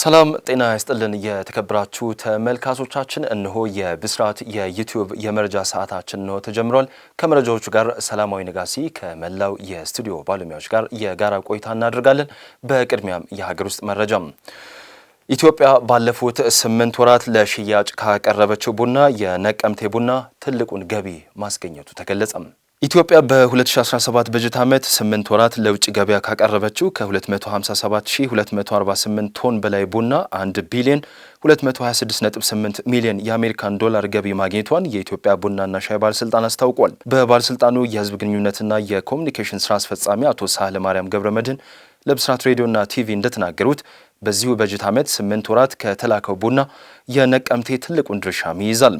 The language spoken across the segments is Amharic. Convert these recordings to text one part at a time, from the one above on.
ሰላም ጤና ይስጥልን። የተከበራችሁ ተመልካቾቻችን፣ እነሆ የብስራት የዩቲዩብ የመረጃ ሰዓታችን ነው ተጀምሯል። ከመረጃዎቹ ጋር ሰላማዊ ነጋሲ ከመላው የስቱዲዮ ባለሙያዎች ጋር የጋራ ቆይታ እናደርጋለን። በቅድሚያም የሀገር ውስጥ መረጃ ኢትዮጵያ ባለፉት ስምንት ወራት ለሽያጭ ካቀረበችው ቡና የነቀምቴ ቡና ትልቁን ገቢ ማስገኘቱ ተገለጸም። ኢትዮጵያ በ2017 በጀት ዓመት 8 ወራት ለውጭ ገበያ ካቀረበችው ከ257248 ቶን በላይ ቡና 1 ቢሊዮን 226.8 ሚሊዮን የአሜሪካን ዶላር ገቢ ማግኘቷን የኢትዮጵያ ቡናና ሻይ ባለስልጣን አስታውቋል። በባለስልጣኑ የህዝብ ግንኙነትና የኮሚኒኬሽን ስራ አስፈጻሚ አቶ ሳህለ ማርያም ገብረ መድህን ለብስራት ሬዲዮና ቲቪ እንደተናገሩት በዚሁ በጀት ዓመት 8 ወራት ከተላከው ቡና የነቀምቴ ትልቁን ድርሻም ይይዛል።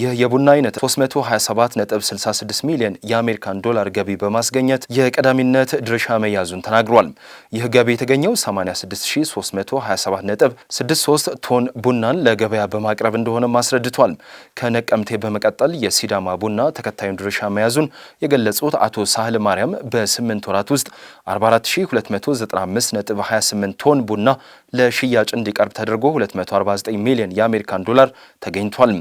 ይህ የቡና አይነት 327.66 ሚሊዮን የአሜሪካን ዶላር ገቢ በማስገኘት የቀዳሚነት ድርሻ መያዙን ተናግሯል። ይህ ገቢ የተገኘው 86327.63 ቶን ቡናን ለገበያ በማቅረብ እንደሆነ አስረድቷል። ከነቀምቴ በመቀጠል የሲዳማ ቡና ተከታዩን ድርሻ መያዙን የገለጹት አቶ ሳህል ማርያም በ8 ወራት ውስጥ 44295.28 ቶን ቡና ለሽያጭ እንዲቀርብ ተደርጎ 249 ሚሊዮን የአሜሪካን ዶላር ተገኝቷል።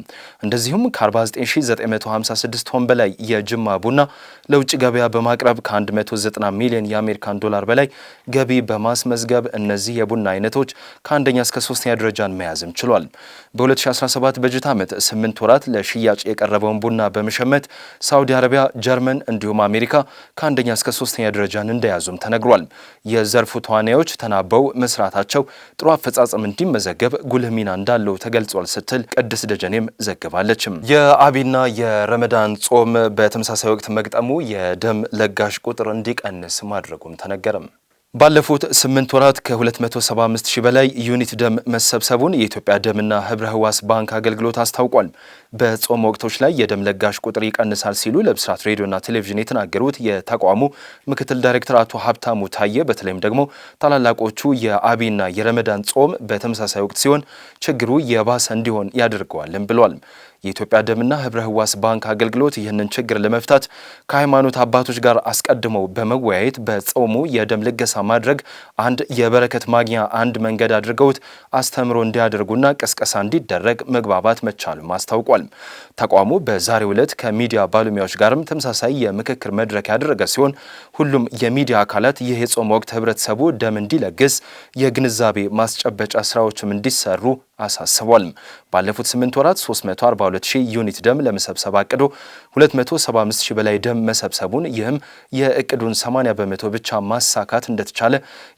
እንደዚሁም ከ49956 ቶን በላይ የጅማ ቡና ለውጭ ገበያ በማቅረብ ከ190 ሚሊዮን የአሜሪካን ዶላር በላይ ገቢ በማስመዝገብ እነዚህ የቡና አይነቶች ከአንደኛ እስከ ሶስተኛ ደረጃን መያዝም ችሏል። በ2017 በጀት ዓመት 8 ወራት ለሽያጭ የቀረበውን ቡና በመሸመት ሳውዲ አረቢያ፣ ጀርመን እንዲሁም አሜሪካ ከአንደኛ እስከ ሶስተኛ ደረጃን እንደያዙም ተነግሯል። የዘርፉ ተዋናዮች ተናበው መስራታቸው ጥሩ አፈጻጸም እንዲመዘገብ ጉልህ ሚና እንዳለው ተገ ተገልጿል ስትል ቅድስ ደጀኔም ዘግባለች። የአቢና የረመዳን ጾም በተመሳሳይ ወቅት መግጠሙ የደም ለጋሽ ቁጥር እንዲቀንስ ማድረጉም ተነገረም። ባለፉት ስምንት ወራት ከ275 ሺህ በላይ ዩኒት ደም መሰብሰቡን የኢትዮጵያ ደምና ህብረ ህዋስ ባንክ አገልግሎት አስታውቋል። በጾም ወቅቶች ላይ የደም ለጋሽ ቁጥር ይቀንሳል ሲሉ ለብስራት ሬዲዮና ቴሌቪዥን የተናገሩት የተቋሙ ምክትል ዳይሬክተር አቶ ሀብታሙ ታየ በተለይም ደግሞ ታላላቆቹ የአቢና የረመዳን ጾም በተመሳሳይ ወቅት ሲሆን ችግሩ የባሰ እንዲሆን ያደርገዋልም ብሏል። የኢትዮጵያ ደምና ህብረ ህዋስ ባንክ አገልግሎት ይህንን ችግር ለመፍታት ከሃይማኖት አባቶች ጋር አስቀድመው በመወያየት በጾሙ የደም ልገሳ ማድረግ አንድ የበረከት ማግኛ አንድ መንገድ አድርገውት አስተምሮ እንዲያደርጉና ቅስቀሳ እንዲደረግ መግባባት መቻሉም አስታውቋል። ተቋሙ በዛሬው ዕለት ከሚዲያ ባለሙያዎች ጋርም ተመሳሳይ የምክክር መድረክ ያደረገ ሲሆን ሁሉም የሚዲያ አካላት ይህ የጾም ወቅት ህብረተሰቡ ደም እንዲለግስ የግንዛቤ ማስጨበጫ ስራዎችም እንዲሰሩ አሳስቧል። ባለፉት 8 ወራት 342 ሺህ ዩኒት ደም ለመሰብሰብ አቅዶ 275 ሺህ በላይ ደም መሰብሰቡን ይህም የእቅዱን 80 በመቶ ብቻ ማሳካት እንደተቻለ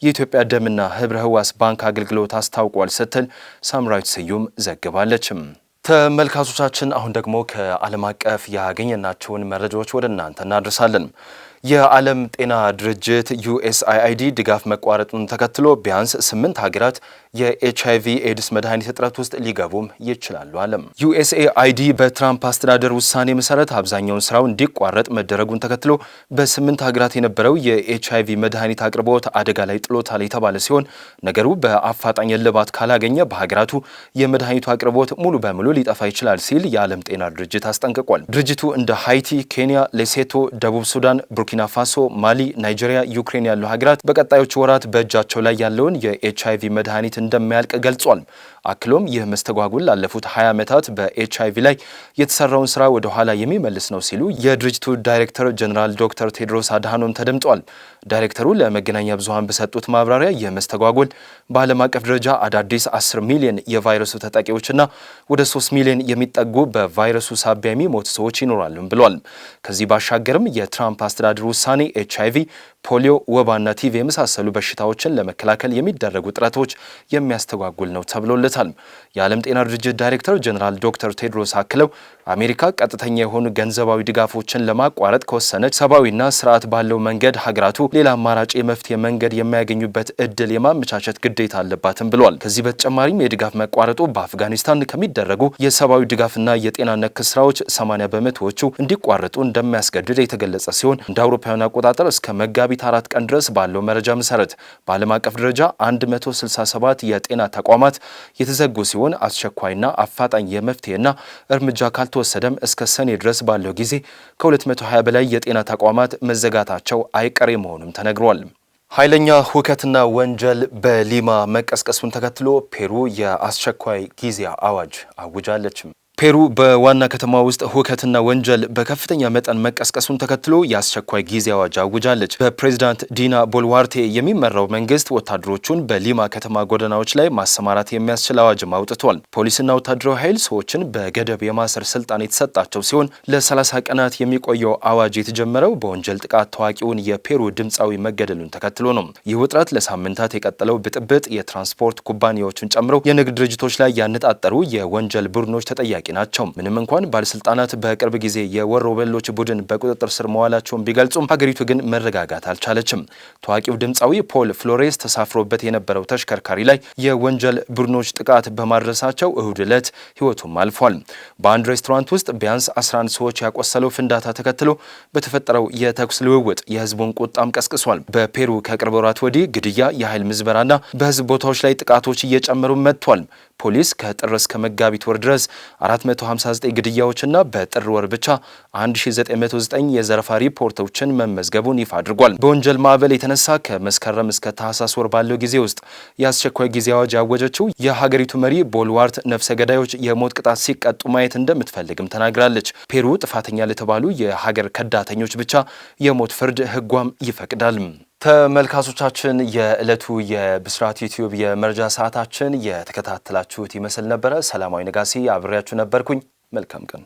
የኢትዮጵያ ደምና ህብረ ህዋስ ባንክ አገልግሎት አስታውቋል ስትል ሳምራዊት ስዩም ዘግባለችም። ተመልካቾቻችን አሁን ደግሞ ከዓለም አቀፍ ያገኘናቸውን መረጃዎች ወደ እናንተ እናደርሳለን። የዓለም ጤና ድርጅት ዩኤስአይአይዲ ድጋፍ መቋረጡን ተከትሎ ቢያንስ ስምንት ሀገራት የኤችይቪ ኤድስ መድኃኒት እጥረት ውስጥ ሊገቡም ይችላሉ አለም። ዩኤስኤአይዲ በትራምፕ አስተዳደር ውሳኔ መሰረት አብዛኛውን ስራው እንዲቋረጥ መደረጉን ተከትሎ በስምንት ሀገራት የነበረው የኤች መድኃኒት አቅርቦት አደጋ ላይ ጥሎታል የተባለ ሲሆን ነገሩ በአፋጣኝ እልባት ካላገኘ በሀገራቱ የመድኃኒቱ አቅርቦት ሙሉ በሙሉ ሊጠፋ ይችላል ሲል የዓለም ጤና ድርጅት አስጠንቅቋል። ድርጅቱ እንደ ሃይቲ፣ ኬንያ፣ ሌሴቶ፣ ደቡብ ሱዳን ቡርኪና ፋሶ፣ ማሊ፣ ናይጄሪያ፣ ዩክሬን ያሉ ሀገራት በቀጣዮቹ ወራት በእጃቸው ላይ ያለውን የኤች አይቪ መድኃኒት እንደማያልቅ ገልጿል። አክሎም ይህ መስተጓጉል ላለፉት 20 ዓመታት በኤች አይቪ ላይ የተሰራውን ስራ ወደ ኋላ የሚመልስ ነው ሲሉ የድርጅቱ ዳይሬክተር ጀኔራል ዶክተር ቴድሮስ አድሃኖም ተደምጧል። ዳይሬክተሩ ለመገናኛ ብዙሀን በሰጡት ማብራሪያ ይህ መስተጓጉል በዓለም አቀፍ ደረጃ አዳዲስ 10 ሚሊዮን የቫይረሱ ተጠቂዎችና ወደ 3 ሚሊዮን የሚጠጉ በቫይረሱ ሳቢያ የሚሞቱ ሰዎች ይኖራሉም ብሏል። ከዚህ ባሻገርም የትራምፕ አስተዳደር Rusani HIV ፖሊዮ፣ ወባና ቲቪ የመሳሰሉ በሽታዎችን ለመከላከል የሚደረጉ ጥረቶች የሚያስተጓጉል ነው ተብሎለታል። የዓለም ጤና ድርጅት ዳይሬክተር ጀኔራል ዶክተር ቴድሮስ አክለው አሜሪካ ቀጥተኛ የሆኑ ገንዘባዊ ድጋፎችን ለማቋረጥ ከወሰነች ሰብአዊና ስርዓት ባለው መንገድ ሀገራቱ ሌላ አማራጭ የመፍትሄ መንገድ የሚያገኙበት እድል የማመቻቸት ግዴታ አለባትም ብለዋል። ከዚህ በተጨማሪም የድጋፍ መቋረጡ በአፍጋኒስታን ከሚደረጉ የሰብአዊ ድጋፍና የጤና ነክ ስራዎች 80 በመቶዎቹ እንዲቋረጡ እንደሚያስገድድ የተገለጸ ሲሆን እንደ አውሮፓውያን አቆጣጠር እስከ መጋቢ መጋቢት አራት ቀን ድረስ ባለው መረጃ መሰረት በዓለም አቀፍ ደረጃ 167 የጤና ተቋማት የተዘጉ ሲሆን አስቸኳይና አፋጣኝ የመፍትሄና እርምጃ ካልተወሰደም እስከ ሰኔ ድረስ ባለው ጊዜ ከ220 በላይ የጤና ተቋማት መዘጋታቸው አይቀሬ መሆኑም ተነግሯል። ኃይለኛ ሁከትና ወንጀል በሊማ መቀስቀሱን ተከትሎ ፔሩ የአስቸኳይ ጊዜ አዋጅ አውጃለችም። ፔሩ በዋና ከተማ ውስጥ ሁከትና ወንጀል በከፍተኛ መጠን መቀስቀሱን ተከትሎ የአስቸኳይ ጊዜ አዋጅ አውጃለች። በፕሬዚዳንት ዲና ቦልዋርቴ የሚመራው መንግስት ወታደሮቹን በሊማ ከተማ ጎዳናዎች ላይ ማሰማራት የሚያስችል አዋጅም አውጥቷል። ፖሊስና ወታደራዊ ኃይል ሰዎችን በገደብ የማሰር ስልጣን የተሰጣቸው ሲሆን ለ30 ቀናት የሚቆየው አዋጅ የተጀመረው በወንጀል ጥቃት ታዋቂውን የፔሩ ድምፃዊ መገደሉን ተከትሎ ነው። ይህ ውጥረት ለሳምንታት የቀጠለው ብጥብጥ የትራንስፖርት ኩባንያዎችን ጨምሮ የንግድ ድርጅቶች ላይ ያነጣጠሩ የወንጀል ቡድኖች ተጠያቂ ናቸው። ምንም እንኳን ባለስልጣናት በቅርብ ጊዜ በሎች ቡድን በቁጥጥር ስር መዋላቸውን ቢገልጹም ሀገሪቱ ግን መረጋጋት አልቻለችም። ታዋቂው ድምፃዊ ፖል ፍሎሬስ ተሳፍሮበት የነበረው ተሽከርካሪ ላይ የወንጀል ቡድኖች ጥቃት በማድረሳቸው እሁድ ዕለት ህይወቱም አልፏል። በአንድ ሬስቶራንት ውስጥ ቢያንስ 11 ሰዎች ያቆሰለው ፍንዳታ ተከትሎ በተፈጠረው የተኩስ ልውውጥ የህዝቡን ቁጣም ቀስቅሷል። በፔሩ ከቅርብ ወራት ወዲህ ግድያ፣ የኃይል ምዝበራና በህዝብ ቦታዎች ላይ ጥቃቶች እየጨመሩ መጥቷል። ፖሊስ ከጥር እስከ መጋቢት ወር ድረስ 459 ግድያዎችና በጥር ወር ብቻ 1909 የዘረፋ ሪፖርቶችን መመዝገቡን ይፋ አድርጓል። በወንጀል ማዕበል የተነሳ ከመስከረም እስከ ታህሳስ ወር ባለው ጊዜ ውስጥ የአስቸኳይ ጊዜ አዋጅ ያወጀችው የሀገሪቱ መሪ ቦልዋርት ነፍሰ ገዳዮች የሞት ቅጣት ሲቀጡ ማየት እንደምትፈልግም ተናግራለች። ፔሩ ጥፋተኛ ለተባሉ የሀገር ከዳተኞች ብቻ የሞት ፍርድ ህጓም ይፈቅዳል። ተመልካቾቻችን የዕለቱ የብስራት ዩቲዩብ የመረጃ ሰዓታችን የተከታተላችሁት ይመስል ነበረ። ሰላማዊ ነጋሲ አብሬያችሁ ነበርኩኝ። መልካም ቀን